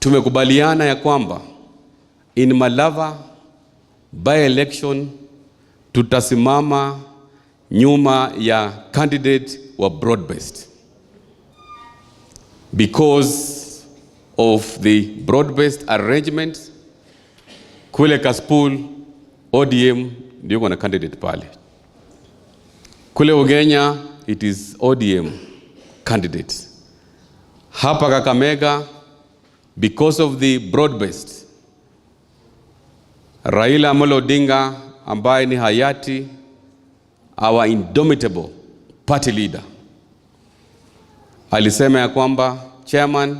Tumekubaliana ya kwamba in Malava by election tutasimama nyuma ya candidate wa broad based because of the broad based arrangement. Kule Kaspool ODM ndio kuna candidate pale. Kule Ugenya it is ODM candidate. Hapa Kakamega because of the broad based. Raila Amolo Odinga ambaye ni hayati our indomitable party leader alisema ya kwamba chairman,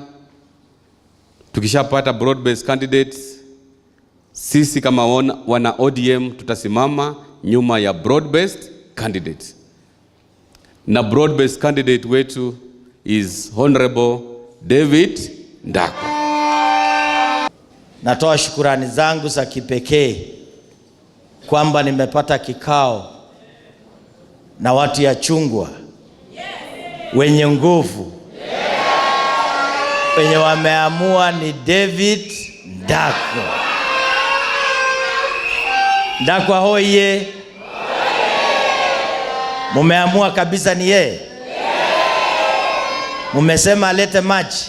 tukishapata broad based candidates, sisi kama wana ODM tutasimama nyuma ya broad based candidate, na broad based candidate wetu is honorable David Ndako. Natoa shukurani zangu za kipekee kwamba nimepata kikao na watu ya chungwa wenye nguvu wenye wameamua ni David Ndakwa. Ndakwa hoye, mumeamua kabisa ni yeye, mumesema alete maji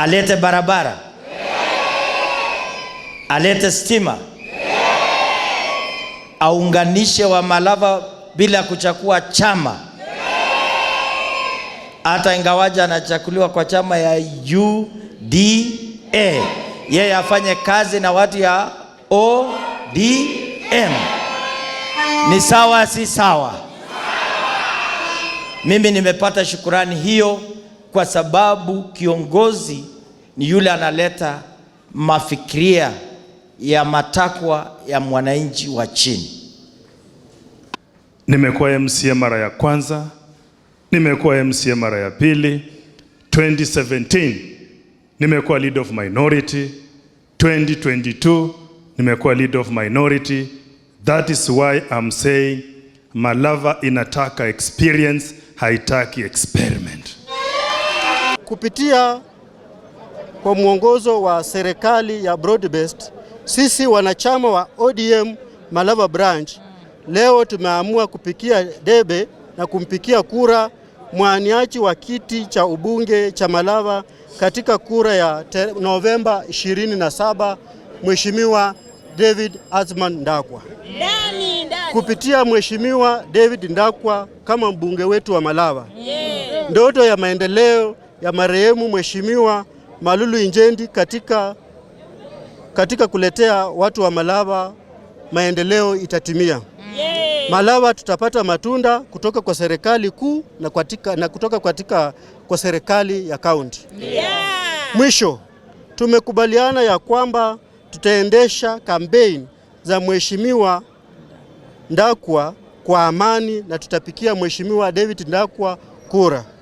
alete barabara, alete stima, aunganishe Wamalava bila kuchakua chama, hata ingawaja anachakuliwa kwa chama ya UDA, yeye afanye kazi na watu ya ODM. Ni sawa, si sawa? Mimi nimepata shukurani hiyo kwa sababu kiongozi ni yule analeta mafikiria ya matakwa ya mwananchi wa chini. Nimekuwa MCA mara ya kwanza, nimekuwa MCA mara ya pili 2017 nimekuwa lead of minority 2022 nimekuwa lead of minority. That is why I'm saying Malava inataka experience, haitaki experiment kupitia kwa mwongozo wa serikali ya Broadbest, sisi wanachama wa ODM Malava branch leo tumeamua kupikia debe na kumpikia kura mwaniachi wa kiti cha ubunge cha Malava katika kura ya Novemba 27 Mheshimiwa David Azman Ndakwa. Dani, Dani. Kupitia Mheshimiwa David Ndakwa kama mbunge wetu wa Malava, yeah. Ndoto ya maendeleo ya marehemu Mheshimiwa Malulu Injendi katika, katika kuletea watu wa Malaba maendeleo itatimia. Yay! tutapata matunda kutoka kwa serikali kuu na, na kutoka katika kwa serikali ya kaunti. Yeah! Mwisho tumekubaliana ya kwamba tutaendesha kampeni za Mheshimiwa Ndakwa kwa amani na tutapikia Mheshimiwa David Ndakwa kura.